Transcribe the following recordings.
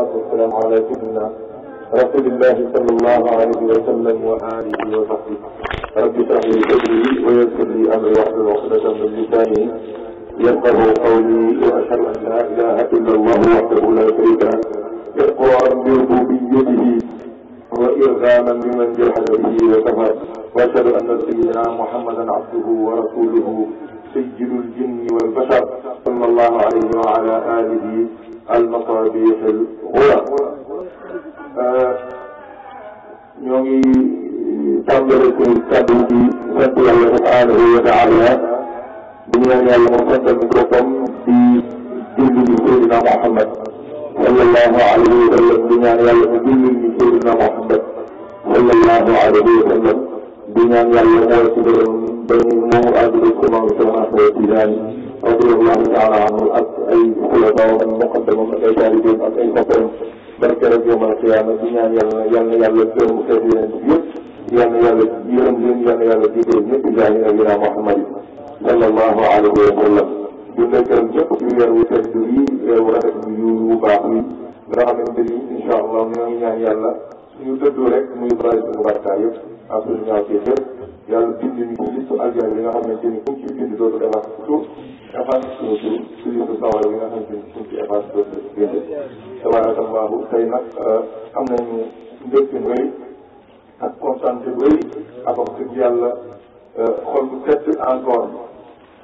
والصلاة والسلام على سيدنا رسول الله صلى الله عليه وسلم وآله وصحبه رب اشرح لي صدري ويسر لي أمري واحلل عقدة من لساني يفقه قولي وأشهد أن لا إله إلا الله وحده لا شريك له إقرارا بربوبيته وإرغاما بمن جحد به وكفر وأشهد أن سيدنا محمدا عبده ورسوله سيد الجن والبشر صلى الله عليه وعلى آله المصابيح الغلى ñoo ngi tàmbale ko kàddu ci sant yàlla subhanahu wa taala di ñaan yàlla moom santal ñu boppam di julli ñu Seydina Muhammad sallallahu alayhi wa sallam di ñaan yàlla mu julli ñu Seydina Muhammad sallallahu alayhi wa sallam di ñaan yàlla mooy si borom ba ñu moom àdduna ko moom sama Tijaani radiyallahu taala anhu ak ay xulafaawam muqaddamam ak ay taalibeem ak ay boppam barke rek yawmal qiyaama di ñaan yàlla yàlla yàlla gërëm xeet yeneen yëpp yàlla yàlla yërëm leen yàlla yàlla jéggal ñëpp jaay nabina Muhammad sallallahu alayhi wa sallam di la gërëm ñëpp ci weer wu tedd yi weer wu rafet bi yu baax yi nga xamante ni incha allah ñoo ngi ñaan yàlla suñu dëddu rek muy bari suñu barka yëpp ak suñu ñaaw ci yëpp yàlla bind ñu ci listu aljana bi nga xamante ni ku ci bind dootu def ak Eiffage Solution suñu yëngu bawal bi nga xam ne suñ ci Eiffage Solution génne tabarakallahu tey nag euh, am nañu mbégte bu rëy ak constante bu rëy ak wax dëgg yàlla euh, xol bu tett encore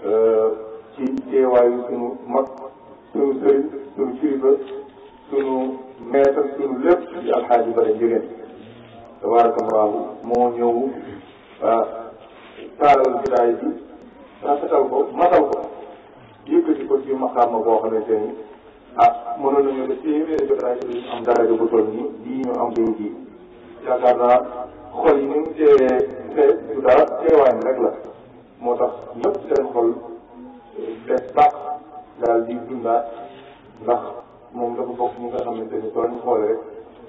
euh, ci teewaayu suñu mag suñu sëriñ suñu kilifa suñu maître suñu lépp ci alxaaji bare njëgeen tabarakallahu moo ñëw taalal bidaay bi rafetal ko matal ko yëkkati ko ci maxaama boo xamante ni ah mënoon nañu def téeméeri jotaay duñ am daraja bu toll nii bii ñu am jiw ji yaakaar naa xol yi ni mu teewee te du dara teewaay mi rek la moo tax ñëpp seen xol eh, des baax daal di ndax moom dafa bokk ñi nga xamante ni soo ñu xoolee rek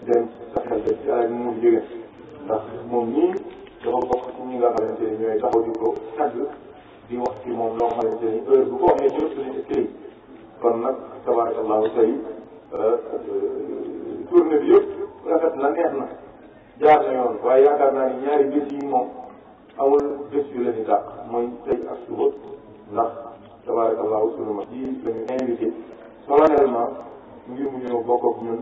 dem sa xel dem mu jóge ndax moom ñii dafa bokk ci ñi nga xamante ni ñooy taxaw ko tagg di wax ci moom loo xamante ni heure bu ko amee jot dañu ëskay kon nag tabarakallahu tey euh, euh, tournée bi yëpp rafet na neex na jaar na yoon waaye yaakaar naa ni ñaari bés yi moom amul bés yu la ñu dàq mooy tey ak suba ndax tabarakallahu sunu mag yi lañu invité solennellement ngir mu ñëw bokk ak ñun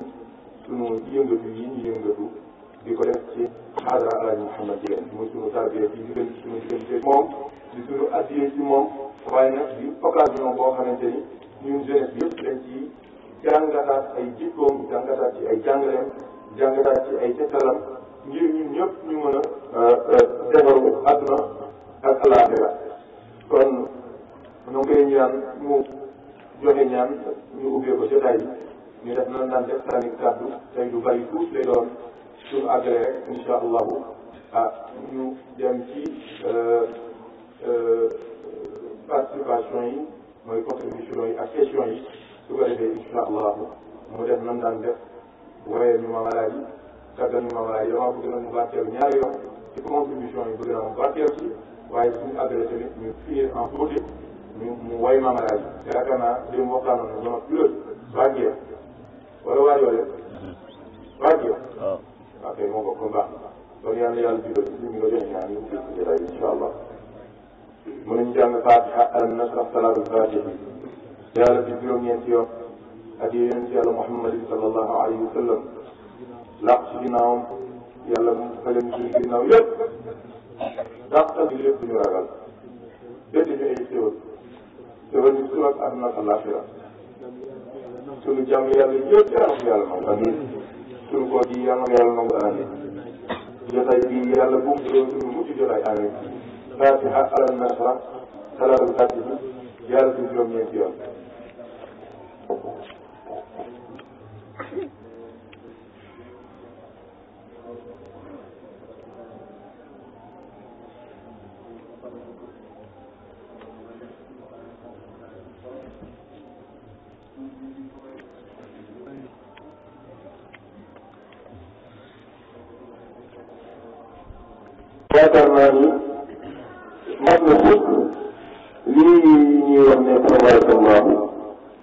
sunu yëngatu yi ñu yëngatu di ko def ci xadra alaaj Muhammad Diène muy sunu tarbiya bi ñu gën sunu diggante moom di suñu appuyé ci moom waaye nag di occasion boo xamante ni ñun jeunesse bi yëpp dañ ci jàngataat ay jikkoom jàngataat ci ay jàngaleem jàngataat ci ay tettalam ngir ñun ñëpp ñu mën a euh, euh, defaru àdduna ak alaaxira kon ñoo ngi koy ñaan mu joxe ñaan ñu ubbee ko jotaay bi ñu def nan daan def tànni kàddu tey du bari tuut lay doon suñu àggale rek incha allahu ah ñu dem ci euh, Patripasyon yi Mwenye kontribisyon yi Aseksyon yi Mwenye w Aleve Mwenye manden de f Woye mwenye maradi Yon kou deno mwenye vate carrier Wonde mwenye mwenye vate carrier yi Woye mwenye abelesen mwenye Mwenye mwenye maradi Terakama mwenye mwe kanon Mwenye mwenye vate carrier Owo w aleve Vate carrier Ok yon kon comba Mwenye mwenye mwenye vate carrier mën nañu jàng fatiha alam nasrah salaatul fatiha yàlla ci juróom-ñeenti yoon ak yonent yàlla muhammadin sallallahu alayhi wa sallam laq ci ginnaawam yàlla mu fële suñu ginnaaw yëpp dàq bi lépp ñu ragal bétti ñu ay séwal séwal ñu suba ak àdduna ak àllaaxira suñu jàmm yàlla yëpp yàlla ko yàlla nangu amiin suñu koor gi yàlla ko yàlla nangu amiin jotaay bi yàlla bu mu suñu mucc jotaay amiin الفاتحة على المشرق ثلاث الفاتحة جالس يوم يوم Thank you. aussi lii ñuy wax ne tabarakallah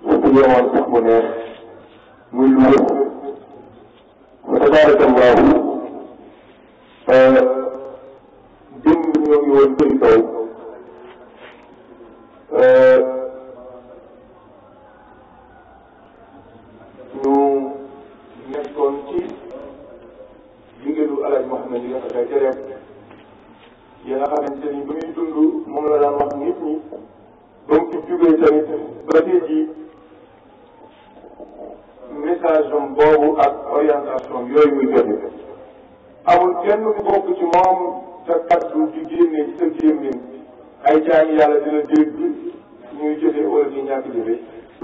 dafa yemoon sax mu neex muy lu wër fa tabarakallah démb ñoo ngi woon përi kaw euh, tamit ba tey jii message am boobu ak orientation yooyu muy joxe amul kenn ku bokk ci moom sa kaddu di génne ci sa gémmiñ ay jaami yàlla dina dégg ñuy jëfee wala ñuy ñàkk jëfe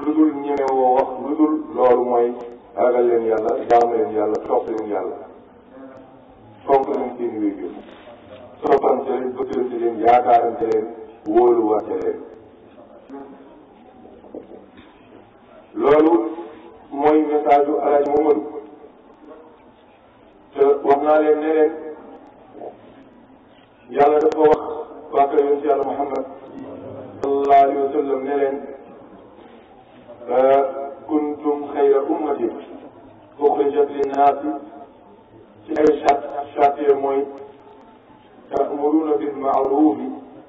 lu dul ñeme woo wax lu dul loolu mooy ragal leen yàlla jaamu leen yàlla topp leen yàlla fonk leen seen wéy soppante leen bëggante leen yaakaarante leen wóoluwante leen loolu mooy message bu El Hadj Momadou te wax naa leen ne leen yàlla dafa wax waa kër yonent yàlla Muhammad sallallahu alayhi wa sallam ne leen kuntum xayra ummatin uxrijat linnaasi ci ay chat chat mooy ta'muruna bil ma'rufi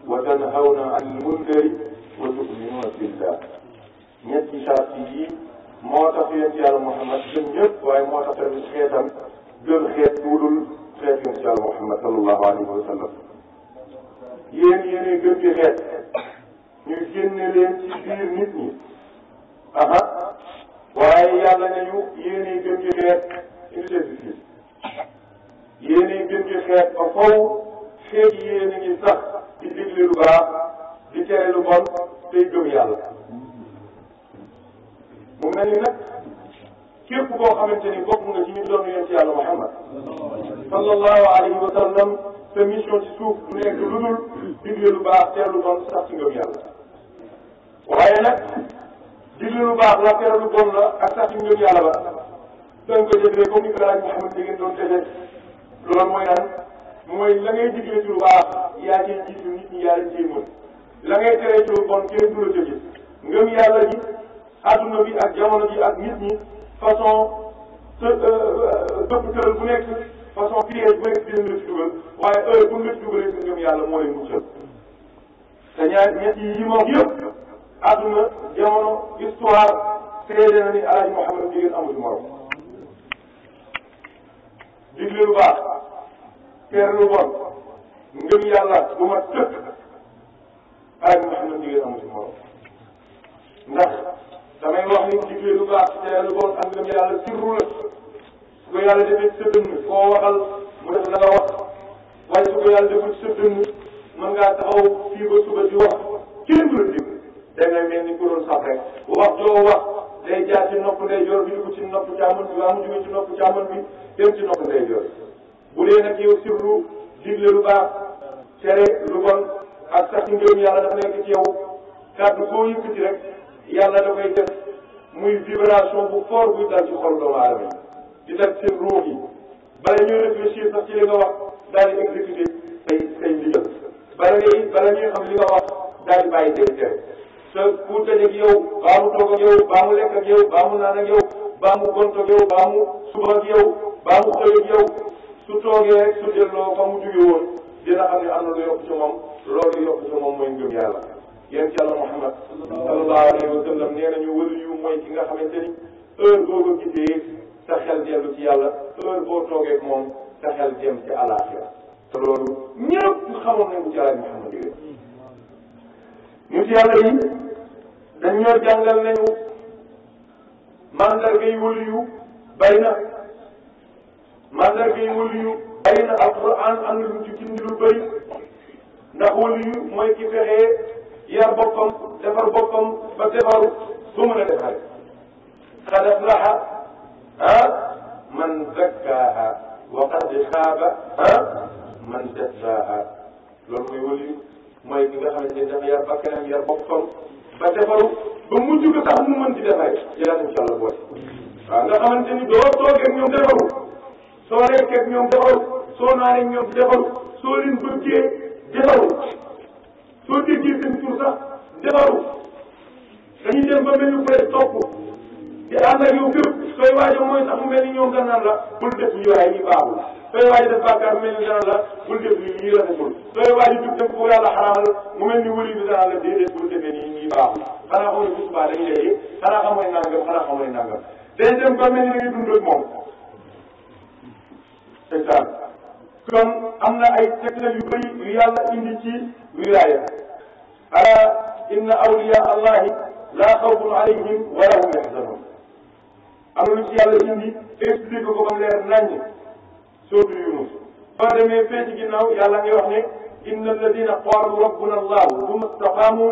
wa tanhawna anil munkari wa tu'minuna billah ñetti saat yi moo tax yéen ci yàlla Muhammad gën ñëpp waaye moo tax tamit xeetam gën xeet tuudul xeet yéen ci yàlla Muhammad sallallahu alayhi wa sallam yéen yéenay gën ci xeet ñu génne leen ci biir nit ñi aha waaye yàlla nañu yéenay gën ci xeet unité bi fii yéenay gën ci xeet ba faw xeet yéen a ngi sax di digle lu baax di tere lu bon tey gëm yàlla mu mel ni nag képp koo xamante ni bokk nga ci ñu doon yonent yàlla Muhammad sallallahu alayhi wa sallam sa mission ci suuf du nekk lu dul digle lu baax tere lu bon sax ci ngëm yàlla waaye nag digle lu baax la tere lu bon la ak sax ci ngëm yàlla ba dañ ko jëfee comme ni di ngeen doon defee loolu mooy la ngay digle ci lu baax yaa ciy jiitu nit ñi yaa leen ciy mën la ngay tere ci adduna bi ak jamono ji ak nit ñi façon dëpp tëral bu nekk façon piège bu nekk dinañ la ci dugal waaye heure bu nga ci dugalee sa ngëm yàlla moo lay muccal te ñaar ñett yi moom yëpp adduna jamono histoire seede na ni alaaji Mouhamed jigéen amul morom digle lu baax teer lu bon ngëm yàlla bu ma tëkk alaaji Mouhamed jigéen amul morom ndax damay wax ni digle lu baax tere lu bon ak ngëm yàlla sirru la su ko yàlla defee ci sa koo waxal mu def la nga waaye su ko yàlla deful ci sa dënn mën ngaa taxaw fii wax kenn du la dégg da ni ku doon wax joo wax day jaar ci nopp day yor bi dugg ci nopp càmmoñ bi waa mu jóge ci nopp bi dem ci nopp day yor bu dee nag sirru digle lu baax tere lu bon sax ngëm yàlla dafa nekk ci yow kàddu koo yëkkati rek yàlla da koy def muy vibration bu fort buy dal ci xol doomu aadama di def seen ruux yi bala ñuy réfléchir sax ci li nga wax daal di exécuté say say ndigal bala ngay bala ñuy xam li nga wax daal di bàyyi say tere te ku tëj ak yow baa mu toog ak yow baa mu lekk ak yow baa mu naan ak yow baa mu gont ak yow baa mu suba ak yow baa mu xëy ak yow su toogee rek su delloo fa mu jóge woon dina xam ne am na lu yokk ci moom loolu yokk yéen ci Yàlla Muhammad sallallahu alayhi wa sallam nee nañu wëlu yu mooy ki nga xamante ni heure boo ko gisee sa xel dellu ci yàlla heure boo toogeeg moom sa xel dem ci àllaaxira te loolu ñëpp xamoon nañ ko ci Yàlla Muhammad yooyu ñu ci yàlla yi dañ ñoo jàngal nañu mandarga yi wëlu yu bay na mandarga yi wëlu yu bay na alquran am na lu ci gindi lu bëri ndax wëlu yu mooy ki fexee yar boppam defar boppam ba defaru ba mën a defaree qad aflaha ah man zakkaaha wa qad xaaba ah man dassaaha loolu mooy wëli mooy ki nga xamante ne dafa yar bakkanam yar boppam ba defaru ba mujj ko tax mu mën di defaree yàlla incha allah boole waaw nga xamante ni doo toogeeg ñoom defaru soo lekkeeg ñoom defaru soo naaneeg ñoom defaru soo leen bëggee defaru soo déggee seen tur sax defaru dañuy dem ba mel ni bëre topp di ànd ak yow fépp sooy waajo mooy sax mu mel ni ñoom danaan la bul def ñu waaye ñu baaxul sooy waajo def bàkkaar mel ni danaan la bul def ñu ñuy rafetul sooy waajo jub def ko yàlla xaraamal mu mel ni wëli bi danaan la déedéet bul defee nii ñuy baaxul xanaa xamoy bu subaa dañu lay xanaa xamoy nangam xanaa xamoy nangam day dem ba mel ni da ngay dund ak moom c'est ça kon am na ay tegtal yu bëri yu yàlla indi ci wilaaya ala inna awliya allahi laa xawfun alayhim wa lahum yaxzanun am na lu ci yàlla indi explique ko ba mu leer naññ sootu yunus boo demee fee ci ginnaaw yàlla ngay wax ne inna alladina qaalu rabbuna allahu summa istaqaamu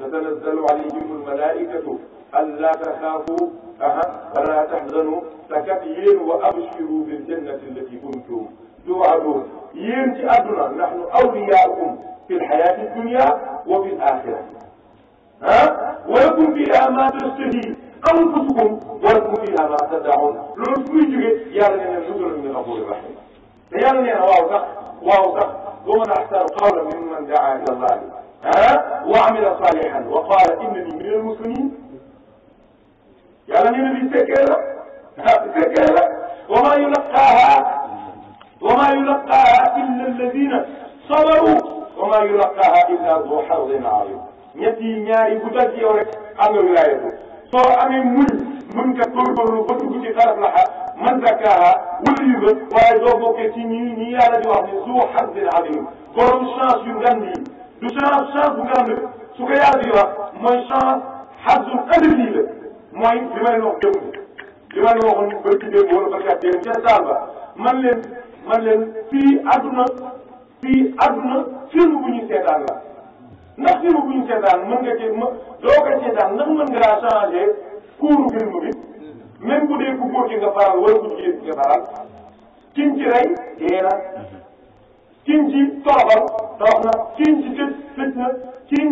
tatanazzalu alayhim almalaikatu alla taxaafu aha wala taxzanu takat yéen wa abshiru biljannati allati kuntum يوعدون يين في أدنى نحن أولياؤكم في الحياة الدنيا وفي الآخرة ها ولكم فيها ما تشتهي أنفسكم ولكم فيها ما تدعون لو سمي يا لنا نزل من الغفور الرحيم يا لنا واو صح واو صح ومن أحسن قولا ممن دعا إلى الله ها وعمل صالحا وقال إنني من المسلمين يا لنا نبي سكيرة سكيرة وما يلقاها وما يلقاها الا الذين صبروا وما يلقاها الا ذو حظ عظيم نتي نياري بوتاتي يو رك امي لايبو سو امي مول من كا كوربو لو بوتو كوتي خلاف لها من زكاها ولي يبت واي دو بوكي تي ني ني يا لا ذو حظ عظيم كورم شانس يو غاندي دو شانس شانس بو غاندي سو كيا دي وا موي شانس حظ القدر لي موي ديما لو خدمو ديما لو خدمو بوتي دي بولو فكاتي تي سالبا من لين man leen fii àdduna fii àdduna film bu ñu seetaan la ndax film bu ñu seetaan mën nga cee ma doo ko seetaan ndax mën ngaa changer kuuru film bi même bu dee ku góor ci nga faral wala ku jigéen ci nga faral kiñ rey dee na kiñ ci toroxal torox na na kiñ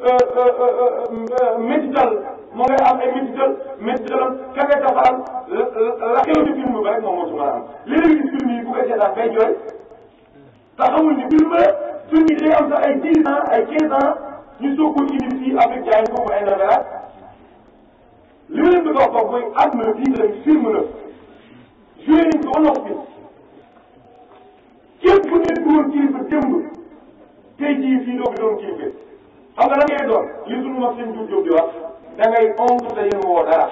Euh, euh, euh, médical moo ngay am ay médical médical am ka ngay taxawal la xew ci film ba rek moom moo ci mën a am film yi bu koy seetaan bay jooy te ni film la film yi day am sax ay 10 ans ay 15 ans ñu soog ko indi fii avec jaay ko mu intermédiaire li ma leen bëgg a wax foofu mooy at la fii la film la joué nañ ko ba noppi képp ku nekk woon kilifa démb tey jii fii doo ko doon kilifa xam nga lan ngay doon li sunu mag seen jub jub di wax da ngay onk te yéen woo dara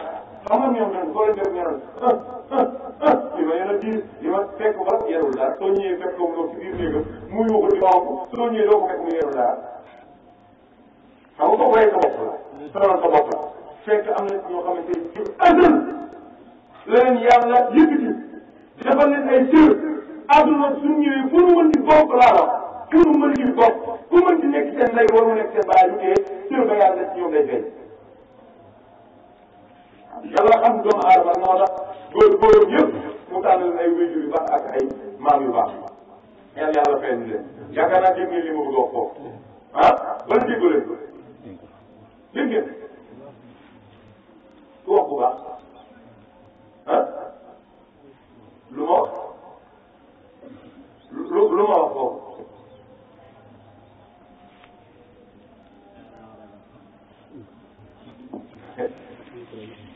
xam nga ñoom ñoom soo leen def ñoom li ma yéen a diir li ma fekk ba yerul dara soo ñëwee fekk mu ci biir néegam mu yuuxu di onk soo ñëwee mu yerul dara xam nga kooku rek la sonal sa bopp la fekk am na ñoo xamante ni la leen yàlla yëkkati defal leen ay cër àdduna suñu ñëwee fu ñu mën di bokk laa kër mën yu bokk ku mën di nekk seen lay waru nekk seen bàyyi ñu tee ba yàlla ci ñoom lay feeñ yàlla xam doomu aadama moo tax góor góor yëpp mu tànnal ay wéjur yu baax ak ay maam yu baax yàlla yàlla feeñ leen yaakaar naa dégg ngeen li ma bëgg wax foofu ah wala déggu leen dégg ngeen ku wax bu baax ah lu ma wax lu ma wax foofu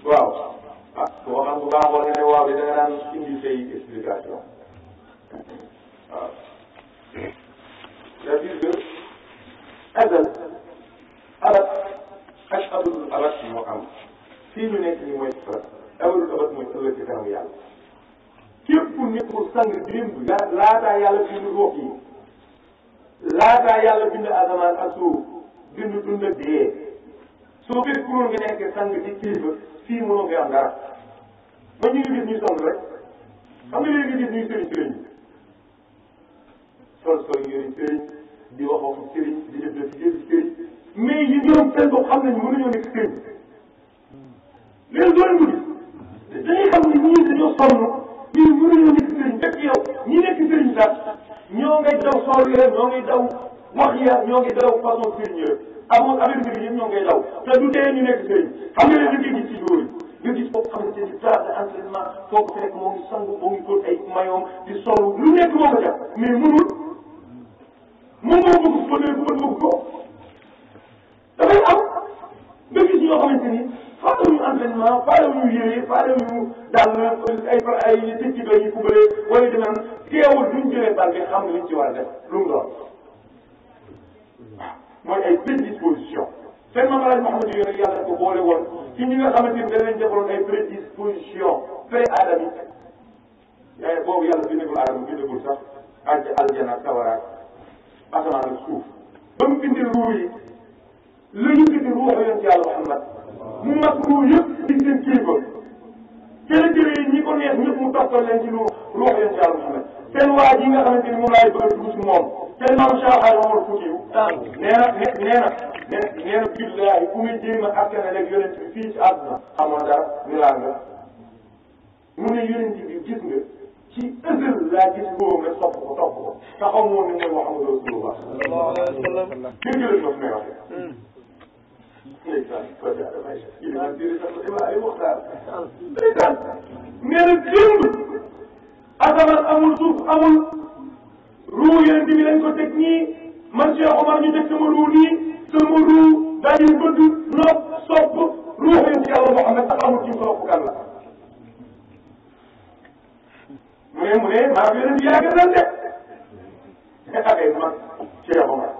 waaw ah boo xam bu baaxoo nga ne waaw bi da nga daan indi say explication waaw c'est-à-dire que azal abat ak abadul abat moo am fii ñu nekk ñu mooy abat abadul abat mooy ëllëg ci kanamu yàlla képp nekkul sang démb laataa yàlla bind ruux yi laataa yàlla bind asamaan ak suuf bind dund ak dee soo fekk ku nga nekkee sang di kilifa fii mënoo fi am dara ba ñu ngi gis ñuy song rek xam nga léegi gis ñuy sëriñ sëriñ sol sol yooyu sëriñ di wax waxu sëriñ di def def yëpp sëriñ mais yi ñoom seen bopp xam nañu mënuñoo nekk sëriñ léegi doole mu gis dañuy xam ne ñii dañoo sonn ñii mënuñoo nekk sëriñ fekk yow ñi nekk sëriñ sax ñoo ngay daw sol leen ñoo ngay daw wax ya ñoo ngi daw façon sérieux amoon affaire bi yëpp ñoo ngi daw te du tee ñu nekk sëriñ xam nga ne dañu gis ci góor yi gis foofu xamante ni place de entraînement foo ko fekk moo ngi sangu moo ngi góor ay mayoom di sol lu nekk moo ko def mais mënul moom moo bëgg ko léegi bëgg bëgg ko dafay am nga gis ñoo xamante ni faalewuñu entraînement faalewuñu yére faalewuñu daal ay ay tëj ci doy yi fubale wala dinañ teewul duñ jëlee bal bi xam ne liñ ci war a def lu mu doon mooy ay prédisposition seen mamalaj Mouhamed yooyu yàlla na ko boole woon ci ñi nga xamante ni danañ defaloon ay prédisposition pré adamique yaay boobu yàlla bindagul aadama bindagul sax àjj aljana sawaraat asamaan ak suuf ba mu bindee ruu yi la ñu bindi ruux yoon ci yàlla Mouhamed mu mag ruu yëpp di seen kilifa cërë-cërë yi ñi ko neex ñëpp mu toppal leen ci lu ruux yoon ci yàlla Mouhamed seen waa ji nga xamante ni moom laay bëgg dugg si tellement saxaay Omar Foutiyou nee na nee na nee na billahi ku muy jéem a akkane rek yonent bi fii ci àdduna xamoo dara milaan nga mu ne yonent bi gis nga ci ësël laa gis góoram rek topp ko topp ko te xam woon ne mooy Muhammad Rasulullah sallallahu alayhi wa sallam dégg la ko may wax ndeysaan projet damay iliman diri sax dama ay waxtaan ndeysaan nee na démb asamaan amul suuf amul ruu yonent bi lañ ko teg nii man Cheikh Omar ñu teg sama ruu nii sama ruu daal di bëgg nopp sopp ruu yonent yàlla Muhammad sax amul ci sopp kan la mu ne mu ne maa ngi leen di yàgg daal de nga xamee man Cheikh Omar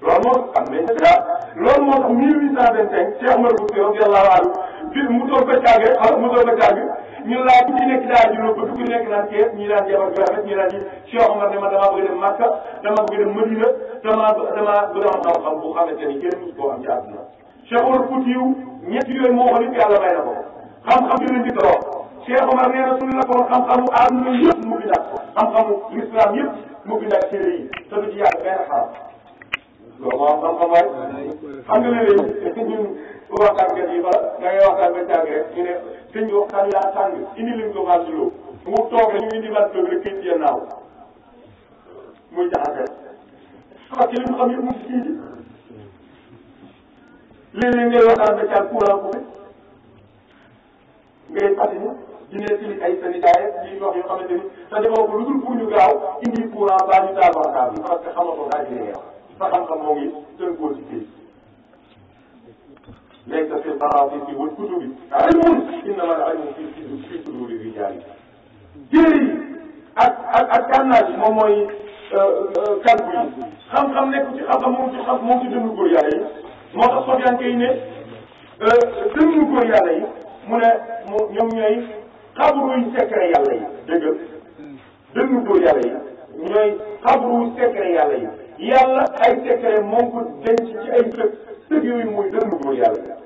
loolu moo xam ne loolu moo tax mille huit cent vingt cinq Cheikh Omar Fouti radiyallahu anhu mu toog ba mu toog ba ñun laa ku ci nekk daa juróom ba ku ci nekk naan kees ñii naan jabar ju rafet ñii naan ji Cheikh Omar ne ma damaa bëgg a dem Makka damaa bëgg a dem Madina damaa damaa bëgg a am xam-xam bu xamante ni kenn musu koo am ci àdduna Cheikh Omar Foutiyou ñetti yooyu moo xam yëpp yàlla may na ko xam-xam bi di toog Cheikh Omar nee na suñu la ko xam-xamu àdduna yëpp mu bind ak xam-xamu l'islam yëpp mu bind ak téere yi te du ci yàlla benn xaal loolu moo am xam-xam waay xam nga léeg-léeg ñun bu waxtaan ngeen yi bala da ngay waxtaan ba jàng rek ñu ne sëñ bi waxtaan yaa tàng indi leen ko vache loo mu toog rek ñu indi vache loo rek këyit yee naaw muy jaxase parce que li ñu xam yëpp mu ngi sii ji léeg-léeg ngay waxtaan ba caal courant coupé ngay patiñu di ne ci ay sanitaire yi wax yoo xamante ni te defoo ko lu dul pour ñu gaaw indi courant baa ñu taal waxtaan bi parce que xamatoo daa ci li ngay wax sa xam-xam moo ngi mahafifi wal kutubi ilmun innama al ilmu fi fi suduri rijali téere yi ak ak ak kànnaaj moom mooy kàddu euh, euh, yi xam-xam nekk ci xam-xam moom ci xam moom ci dënnu góor yàlla yi moo tax Sofyaan kay ne euh, dënnu góor yàlla yi mu ne ñoom ñooy xabruy secret yàlla yi dëgg dënnu góor yàlla yi ñooy xabru secret yàlla yi yàlla ay secret moom ko denc ci ay sëg sëg yooyu mooy dënnu góor yàlla yi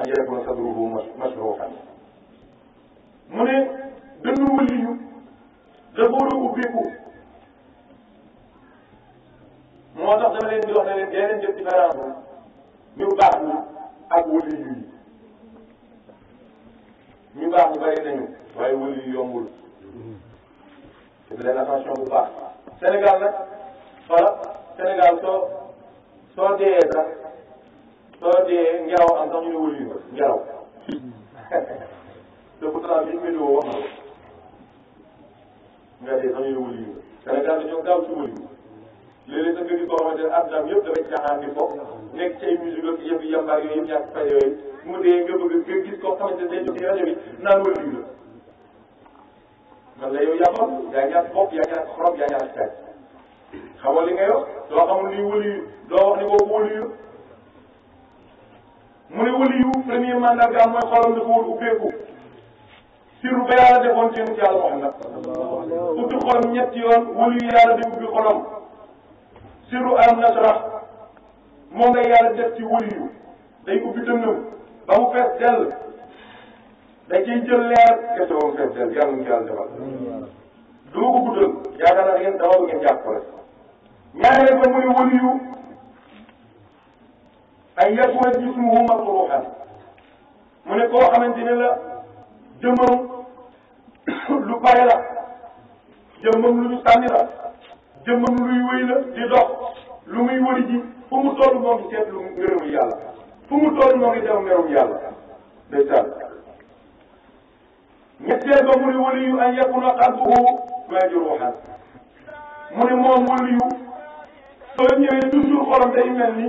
an yakuna sadruhu masruufan mu ne dënnu waliyu dafa war a ubbeeku moo tax dama leen di wax ne leen dee leen def différence ñu baax ñi ak waliyu yi ñu baax ñu bëri nañu waaye waliyu yombul def leen attention bu baax Sénégal nag voilà Sénégal soo soo dee sax soo dee ngelaw am sax ñu ne wëli nga ngelaw te pourtant biñ météo wax na nga dee sax ñu ne wëli nga Sénégal dañoo gaaw ci wëli léeg-léeg sa mbir yi koo xamante ne àdduna am yëpp dafay caaxaan di foofu nekk ci ay musique ak yëpp yambaar yooyu yëpp ñàkk fay yooyu mu dee nga bëgg nga gis koo xamante ne day jóg ci rajo bi naan wëli nga man la yow yaa xam yaa ñàkk bopp yaa ñàkk xorom yaa ñàkk xamoo li ngay wax doo xamul luy wëli doo wax ni boobu wëli mu ne wali yu premier mandarga mooy xolam dafa war ubbeeku siru ba yàlla defoon seen ci yàlla Muhammad ubbi xolam ñetti yoon wali yu yàlla di ubbi xolam siru alam nasrah moom la yàlla def ci wali yu day ubbi dënnam ba mu fees dell da ciy jël leer kese ba mu fees dell yàlla ñu yàlla defal du ko guddal yaakaar naa ngeen dama ngeen jàpp rek ñaareel ba muy wali yu ay yakuna jismuhu makruhan mu ne koo xamante ne la jëmmam lu bare la jëmmam lu ñu sànni la jëmmam luy wéy la di dox lu muy wëri ji fu mu toll moo ngi lu ngërëmul yàlla fu mu toll moo ngi dem merum yàlla ndeysaan ñetteel ba mu ne waliyu an yakuna qalbuhu majruhan mu ne moom waliyu soo ñëwee toujours xolam day mel ni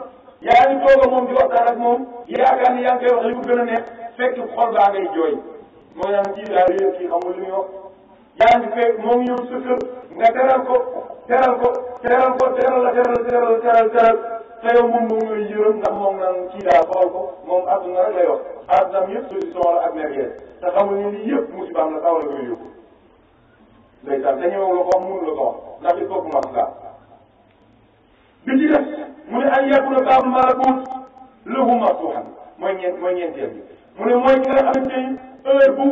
yaa ngi toog moom di waxtaan ak moom yaakaar ni yaa ngi koy wax li a neex fekk xol baa ngay jooy moo naan kii daal yooyu kii xamul li muy wax yaa ngi fekk moo ngi ñëw nga teral ko teral ko teral ko teral la teral teral teral teral te yow moom moom ngay yërëm ndax moom naan kii daal xool ko moom àdduna rek lay wax àdduna yëpp solution la ak merguez te xamul ni lii yëpp musibaam la taw la koy yóbbu ko wax mënu bi ci def mu ne an yakuna baabu malakut lahu maftuhan mooy ñeent mooy ñeenteel bi mu ne mooy ki nga xamante ni heure bu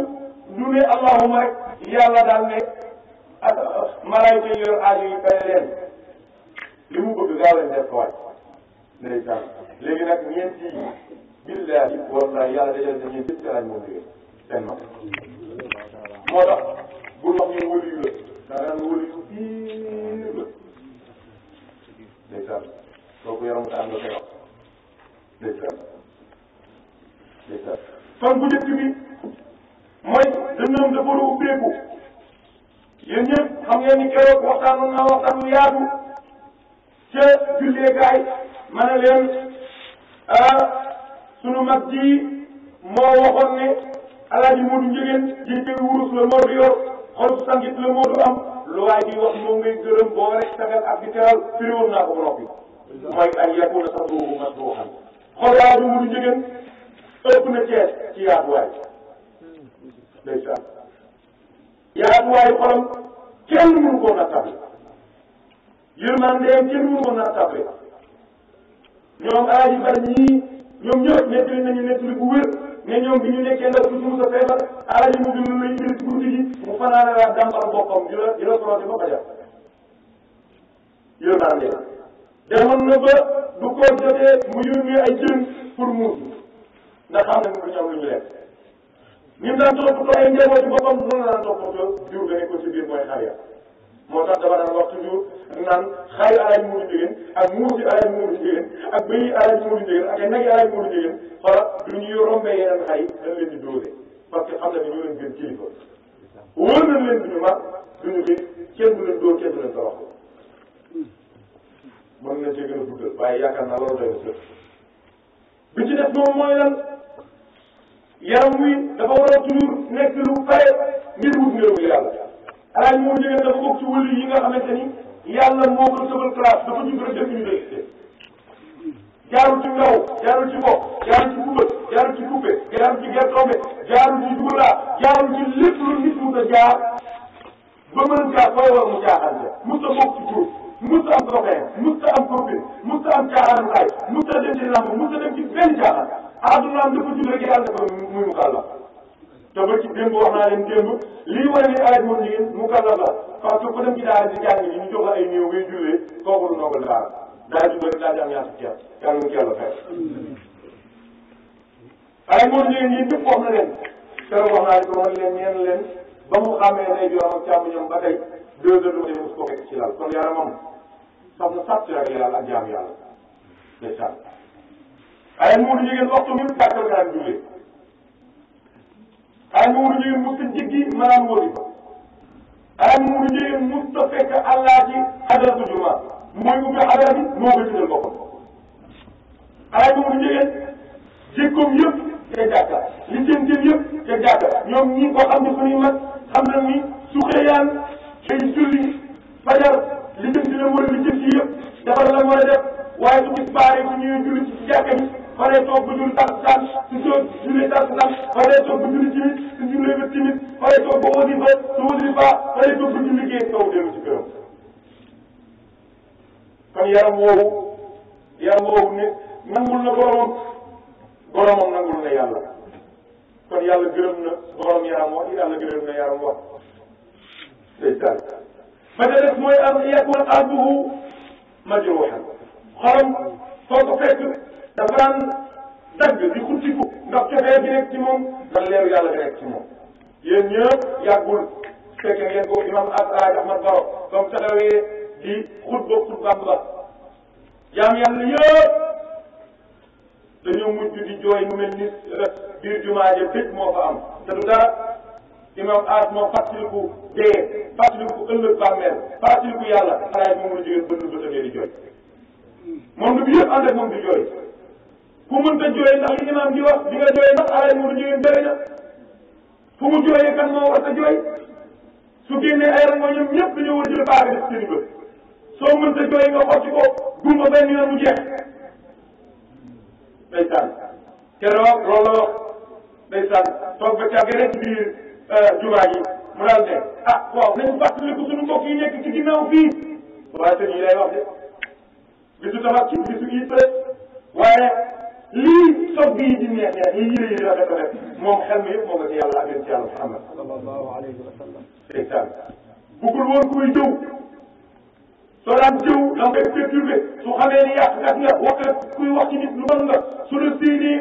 ñu ne allahuma rek yàlla daal ne ak malaayka yi yor aajo yi fay leen li mu bëgg gaaw leen def waay ndeysaan léegi nag ñeent yi billahi wallahi yàlla dajal na ñeent yëpp laaj moom jógee seen mag moo tax bu ndox ñun wëliyu la daa daan wëliyu nga koy wax ndeysaan ndeysaan bi mooy dënnam dafa war a ubbeeku yéen ñëpp xam ngeen naa waxtaan lu yaatu ca julleekaay ma ne leen ah, sunu mag ji moo waxoon ne alaaji Moodu Njëgeen jëntewi wurus la moo du yor xol sangit la moo du am lu waay di wax moom ngay gërëm boo rek sagal ak di teral firiwoon naa ko bu noppi mooy an yakuna sadruhu masruhan xoolaa bi mu jigéen ëpp na Cees ci yaatuwaay ndeysaan yaatuwaayu xolam kenn mënu koo nattable yërmandeem kenn mënu koo nattable ñoom aay yu bari ñii ñoom ñëpp nettali nañu nettali bu wér ne ñoom bi ñu nekkee ndax suñu sa feebar aay yu mu gën lay indi ci guddi gi mu fanaane laa dàmbal boppam di la di la soxla ba ko jàpp yërmandeem demoon na ba bu koor jotee mu yónnee ay jën pour muur ndax xam nañ ko ñoom lu ñu lekk ñun daan toppatoo ay njaboot yi boppam noonu la daan toppatoo jur ga nekkoon ci biir mooy xar ya moo tax dama daan wax toujours naan xaayu alaaji muuru jigéen ak muusi alaaji muuru jigéen ak bëyi alaaji muuru jigéen ak ay nag alaaji muuru jigéen xoola du ñu rombee yeneen xay dañ leen di dóose parce que xam na ne ñoo leen gën kilifa wóor nañ leen duñu mag duñu xiif kenn du leen dóor kenn du leen torox mën nañ cee gën a guddal waaye yaakaar naa loolu bi ci def moom mooy lan yaram wi dafa war a toujours nekk lu pare ngir wut ngërëmu yàlla alaaj moo jógee dafa bokk ci wëlu yi nga xamante ni yàlla moo dafa judd rek def université jaarul ci ngaw jaarul ci bopp jaarul ci kubal jaarul ci coupé jaarul ci gertombe jaarul ci dugalaa jaarul ci lépp lu nit mu ta jaar ba mën kaa koy war mu caaxaan ja mu ta bokk musta am copain musta am copine musta am caaxaanukaay musta dem musta dem ci benn caaxaan adunaam dafa jub rek yàlla dafa muy mu ba ci démb wax naa leen démb lii wane ni aaj moom jigéen mu kàlla la parce que ku dem ci daara di jàng yi ñu jox la ay néew ngay jullee kooku lu ndogal daara daa judd rek daa di am ñaata ceeb yàlla na ci yàlla fay aaj moom jigéen ñi ñëpp wax na leen te wax naa di ko mu xàmmee nay deux heures de mos koo fekk ci laal kon yàlla moom sax na sax ci ragal yàlla ak jaam yàlla ndeysaan ay muuru jigéen waxtu mi tàkkal nga daan jullee ay muuru jigéen mu sa jiggi maanaam wóori fa ay muuru jigéen mu sa fekk allah ci xadaratu juma mooy ubbi xadara bi moo ko jëndal boppam ay muuru jigéen jikkoom yëpp ca jàkka li jëm jëm yëpp ca jàkka ñoom ñi ko xam ne suñuy mag xam na ni su xëyaan dañ julli fajar li jëm ci la wër li jëm ci yëpp defal la war a def waaye su gis baaree bu ñuy julli ci jàkka bi ma ne toog ba julli takkusaan su soo julli takkusaan ma ne toog ba julli timit su jullee ba timit ma ne toog ba wasifa su wasifa ma ne toog ba julli gee toog dellu ci këram kon yaram woowu yaram woowu ne nangul na boromam boromam nangul na yàlla kon yàlla gërëm na borom yaram wax yàlla gërëm na yaram wax ndeysaan ba ca des mooy am yakun abduhu majruhan xolam foo ko fekk dafa daan dagg di xuttiku ndax cofee bi nekk ci moom man leeru yàlla bi nekk ci moom yéen ñëpp yàggul fekke ngeen ko imam Alaaji Ahmad Baro ba mu taxawee di xutba xutbaam ba jaam yàlla yëpp dañoo mujj di jooy mu mel ni biir jumaa ja bépp moo fa am te du dara imam aas moom fàttaliku dee fàttaliku ëllëg bàmmeel fàttaliku yàlla xalaat moom la jógee bënd ba tamit di jooy moom du bi yëpp ànd ak moom di jooy ku mënta jooy ndax li imam kan moo war a jooy su génnee ay rango ñoom ñëpp dañoo war a so baax def sëriñ ba soo mënta jooy nga xotti ko gumba benn yoon mu jeex ndeysaan keroog loolu ndeysaan toog ba Euh, Touba ji mu daal ne ah waaw nañu fàttaliku suñu mbokk yi nekk ci fii waaye sëñ yi lay wax de bisu tabax ci waaye lii soog bii di neex neex yi yële yële rafet rafet moom xel mi yëpp moo ko ci yàlla Muhammad sallallahu alayhi wa sallam ndeysaan bëggul woon kuy jëw soo daan jëw da nga koy perturbé su xamee ni nga wax kuy wax ci nga su la séenee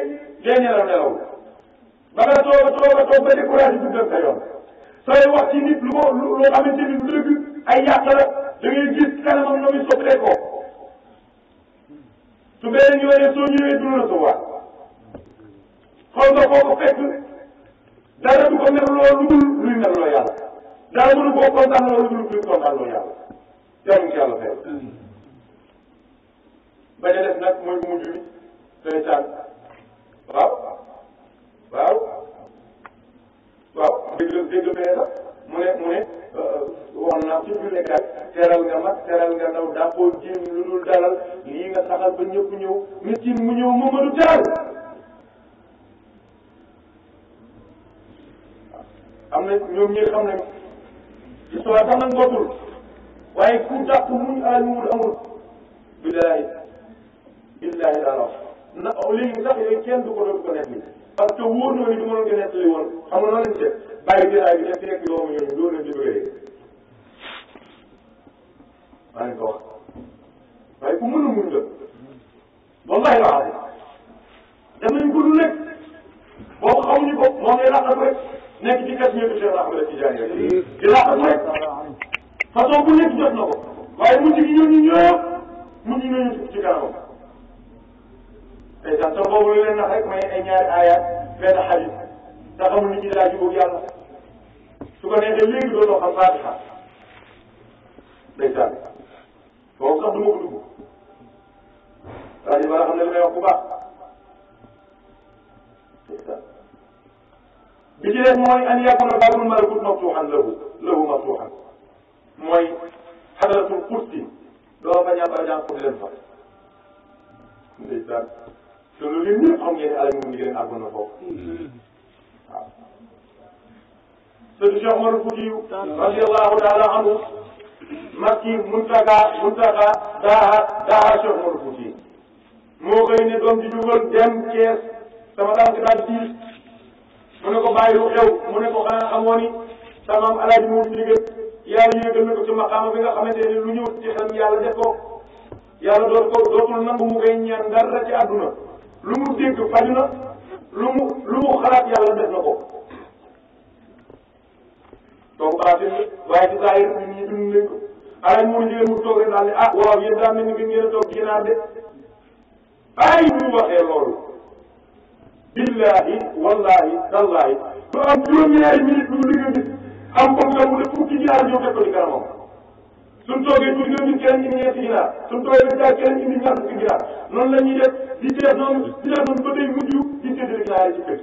ba nga toog a toog a toog ba découragé bi def sa yoon sooy wax ci nit lu ko loo xamante ni lu dëgg ay yàq la da ngay gis kanamam na muy soppeekoo su bee ñu waree soo ñëwee du la recevoir xool nga foo ko fekk dara du ko mer loolu dul luy mer loo yàlla dara mënu koo kontaan loolu dul luy kontaan loo yàlla jaamu ci yàlla fay bañ a def nag mooy mujj bi day tànn daal ba ñëpp ñëw miskin mu ñëw Mamadou Tall am na ñoom ñi xam nañu histoire sax nag bokkul waaye ku dàq muñ alal mu amul billaahi billaahi daal wax na léegi sax yooyu kenn du ko doon ko nekk parce que wóor na ma ni du ma doon ko nekk li woon xam nga noonu lañ def bàyyi jëlaay bi def nekk doomu ñooñu doo leen di bëggee maa ngi ko wax waaye ku mënul muñ wallahi la xale danañ gudd nag boobu xamuñu ko moom lay laqatu rek nekk ci kàddu yëpp Cheikh Ahmed Tidiane rek di laqatu rek façon bu nekk jot na ko waaye mujj gi ñoom ñu ñëpp mujj nañu ci kanamam. tey sax te boobu lu leen nax rek may ay ñaari aayaat benn xadis te xamul ni ci daa jubóog yàlla su ko neexee léegi dootoo xam Fatiha day tànn boobu sax du ma ko dugg. rajo bi war ne li may bi ci des mooy an yakuna babul malakut maftuhan lahu lahu maftuhan mooy xadaratul kursi doo bañ a bañ a leen fa. ndeysaan te loolu yëpp ñëpp xam ngeen ne alal moom liggéey na àggoon na foofu waaw. sëñ Cheikh Omar Fouti radiyallahu taala anhu makki muntaqa muntaqa daaha daaha Cheikh Omar Fouti moo koy ne doom di dugal dem Cees sama tànk daal diis mu ne ko bàyyi lu xew mu ne ko xanaa xamoo ni sama am alaaji mu ndigal yàlla yéegal na ko ci maqaama bi nga xamante ne lu ñëw ci xelam yàlla def ko yàlla ko dootul mu koy ñaan dara ci àdduna lu mu dégg faju na ko donc baatin waaye ci saa yéen ñun ñu dund mu ndigal mu toog rek daal ne ah waaw yéen ni ngeen a toog ginaar bàyyi bu ñu waxee loolu billahi wallahi tallahi lu am juróom-ñaari minute lu liggéey nit am comme nga mu def fukki ginaar ñëw teg ko ci kanamam suñ toogee tuuti nga gis keneen indi ñeenti ginaar suñ toogee daal keneen indi ñaar fukki ginaar noonu la ñuy def di def noonu di def noonu ba tey mujj di séddale ginaar yi ci kër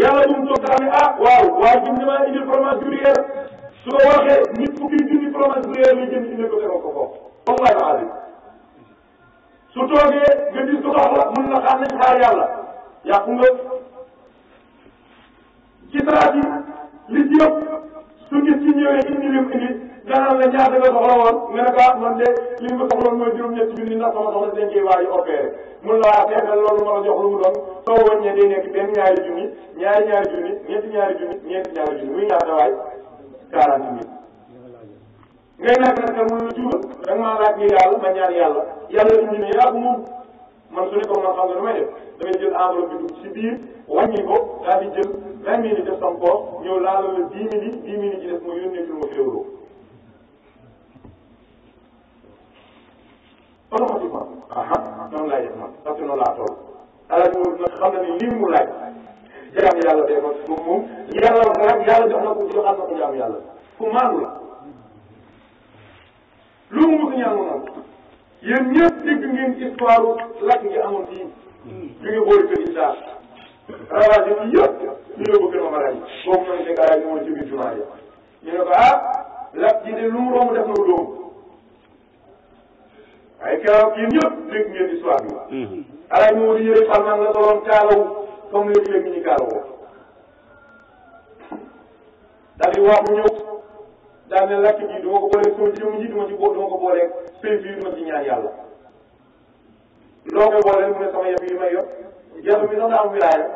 yàlla bu mu toog daa ne ah waaw waaye jëm damaa indil fromage gruyère su ko waxee nit fukki junni fromage gruyère lay jëm indi ko teg ko foofu comme laay waxaale su toogee nga di su soxla mun na xam nañ xaar yàlla yàqu nga ci traat yi li ci yëpp su nit ci ñëwee indi lim indi danaan la ñaata nga soxla woon nga ne ko ah, man de li nga soxla woon mooy juróom-ñetti junni ndax sama soxla dañ koy waayi opéré mun la waa fekk loolu ma la jox lu mu doon soo wàññee day nekk benn ñaari junni ñaari ñaari junni ñetti ñaari junni ñeenti ñaari junni muy ñaata waay quarante mille ngay nekk nag te mënul jubal da nga maa laaj ngir yàlla ma ñaan yàlla yàlla indi ne yaa ko man su ne ko man xam nga nu may def damay jël bi dugg ci biir wàññi ko daal di jël vingt mille def sama poos ñëw laalo la dix mille dix mille ci des ma yónnee lu ma fi aha noonu laay def man parce que laa toll alal moom nag na ni lii mu laaj jaam yàlla dee ko moom moom yàlla laaj yàlla jox na ko joxaat na ko jaam yàlla lu mu mën a ñaan moom yéen ñëpp dégg ngeen histoire ngi amoon fii ñu ngi boori kër Issa ravage yi yëpp ñu yóbbu kër Mamara yi boobu noonu dégg naa ñu woon ci biir jumaa yi ñu ne ko ah lakk ji de lu mu romb def na lu doom waaye keroog yéen ñëpp dégg ngeen histoire bi alaay mu wut yëre xalmaan la soloon daan ne làkk bii du ma ko booleeg sama jëmm ji du ma ci boo du ma ko booleeg suy bii du ma ci ñaan yàlla loo koy booleel mu ne sama yëf yi may yor gerte bi sax daa am wilaaya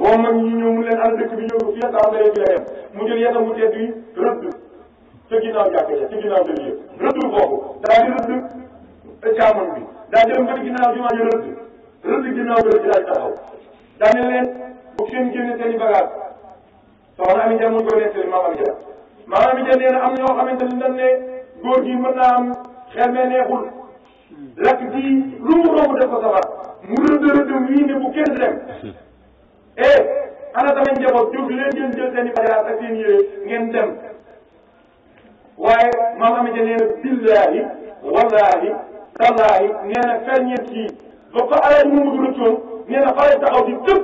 moom nag ñu ñëw mu leen ànd dëkk bi ñëw ko fii ak am dayoo fii mu jël yetam bu tedd yi rëdd ca ginnaaw jàkk ja ca ginnaaw jël yëpp rëddul kooku daa di rëdd càmmoñ bi daa jël mbëri ginnaaw jumaa ji rëdd rëdd ginnaaw bi rëdd daal di taxaw daa ne leen bu kenn génne seen i bagage soxna Ami Dia mu ngi koy nettali maam Ami Dia maam Ami Dia nee na am ñoo xamante ne dañ ne góor gi mën naa am xel mee neexul lakk bii lu mu romb def ko safara mu rëdd rëdd wii ne bu kenn dem eh ana tamit njaboot jóg leen ngeen jël seen i bagaas ak seen yére ngeen dem waaye maam Ami Dia nee na billaahi wallaahi tallaahi nee na ferñeent yi ba fa alal mu mu dul a coow nee na fa lay taxaw di tëb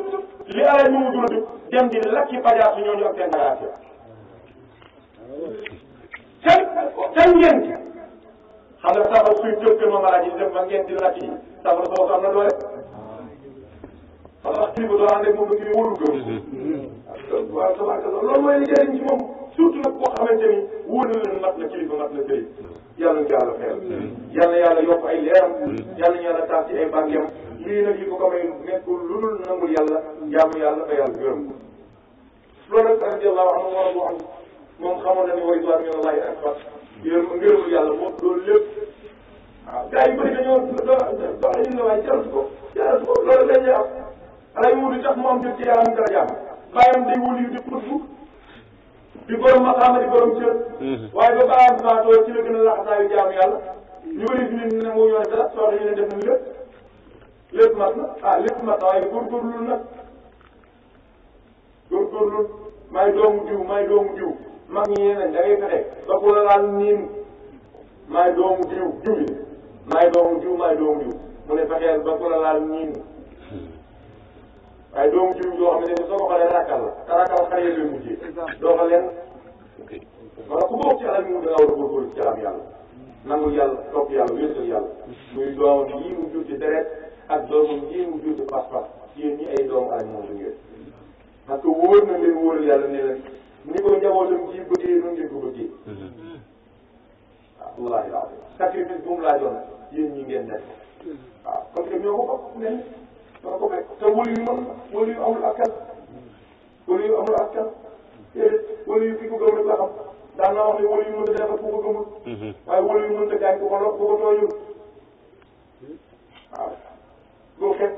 li alal mu mu dul a dem di lakki bagage ñooñu ak seen bagage seen seen ngeen xam nga safara suy tëb kër Mamadou yi dem ba ngeen di lakki safara soosu na doole. parce que kii bi doo ànd ak moom kii bi wóorul ko. waaw tabax loolu mooy li jëriñ ci xamante ni wóor na leen mat na kilifa mat na sëriñ yàlla na yàlla xeel yàlla yàlla yokk ay leeram yàlla ñu yàlla taas ci lii nag li ko ko may nekkul lu dul nangul yàlla jaamu yàlla te yàlla gërëm ko loolu nag radiallahu anhu wa radu anhu moom xamoon na ni way doon min allahi akbar yéen ngërëmul yàlla moom loolu lépp waaw gars yi bëri dañoo dox dañu ne waaye jaratu ko jaratu ko loolu dañ lay am alay wuudu tax mu am jot ci yaram dara jaam bàyyam day wuli di xutbu di borom maqaama di borom cër mhm. waaye ba bàyyam faatoo ci la gën a laxasaayu jaamu yàlla ñu bëri fi ne ne moo ñoo dara soxla ñu ne def nañ lépp lépp mat na ah lépp mat na waaye góorgóorlu nag góorgóorlu may doomu jiw may doomu jiw mag ñi yeneen da ngay fexe ba ku la laal niin may doomu jiw jiw bi may doomu jiw may doomu jiw mu ne fexeel ba ku la laal niin waaye doomu jiw yoo xam ne soo ko xoolee rakkal la te rakkal xale yi lay mujjee doo ko leen wala ku bokk ci alal mi mu da nga war a góorgóorlu ci alam yàlla nangu yàlla topp yàlla wéetal yàlla muy doom yi mu jur ci deret doomam jii mu jur di pas-pas yéen ñi ay doomu aadama du ngeen parce que wóor na leen wóoral yàlla ne leen ni ko njabootam ji bëggee noonu ngeen ko bëggee waaw mm-hmm. wallaahi waaw sacrifice bu mu laajoon yéen ñi ngeen def mm-hmm. waaw parce que ñoo ko bokk nen ñoo ko fekk te wóor yu noonu la wóor yu amul askan wóor yu amul askan déedéet wóor yu ki ko gëm rek la xam daan naa wax ne wóor yu mënta defar ku ko gëmul mm-hmm. waaye wóor yu mënta gaañ ku ko lo ku ko tooñul waaw boo fekk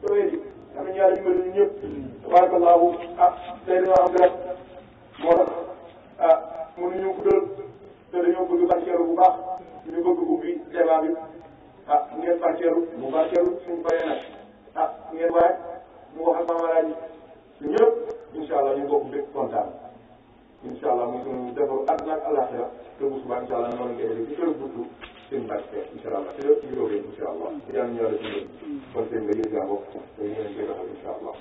sooy ji am nañu yàlla dimbali ñun ñëpp tabaarakallaahu ah tey dañoo am dara moo tax ah mënuñu guddal te dañoo bëgg barkeelu bu baax ñu bëgg ubbi débat bi ah ngeen barkeelu mu barkeelu suñu bayee nag ah ngeen waaye mu wax ak maam alaaji ñëpp incha allah ñu bokk bépp kontaan incha allah mu suñu defaru àdduna ak àllaaxira te bu subaa incha allah noonu ngay def ci kër seen partenaire incha allah te ñu ngi ko gën incha allah. yàlla ñu allah.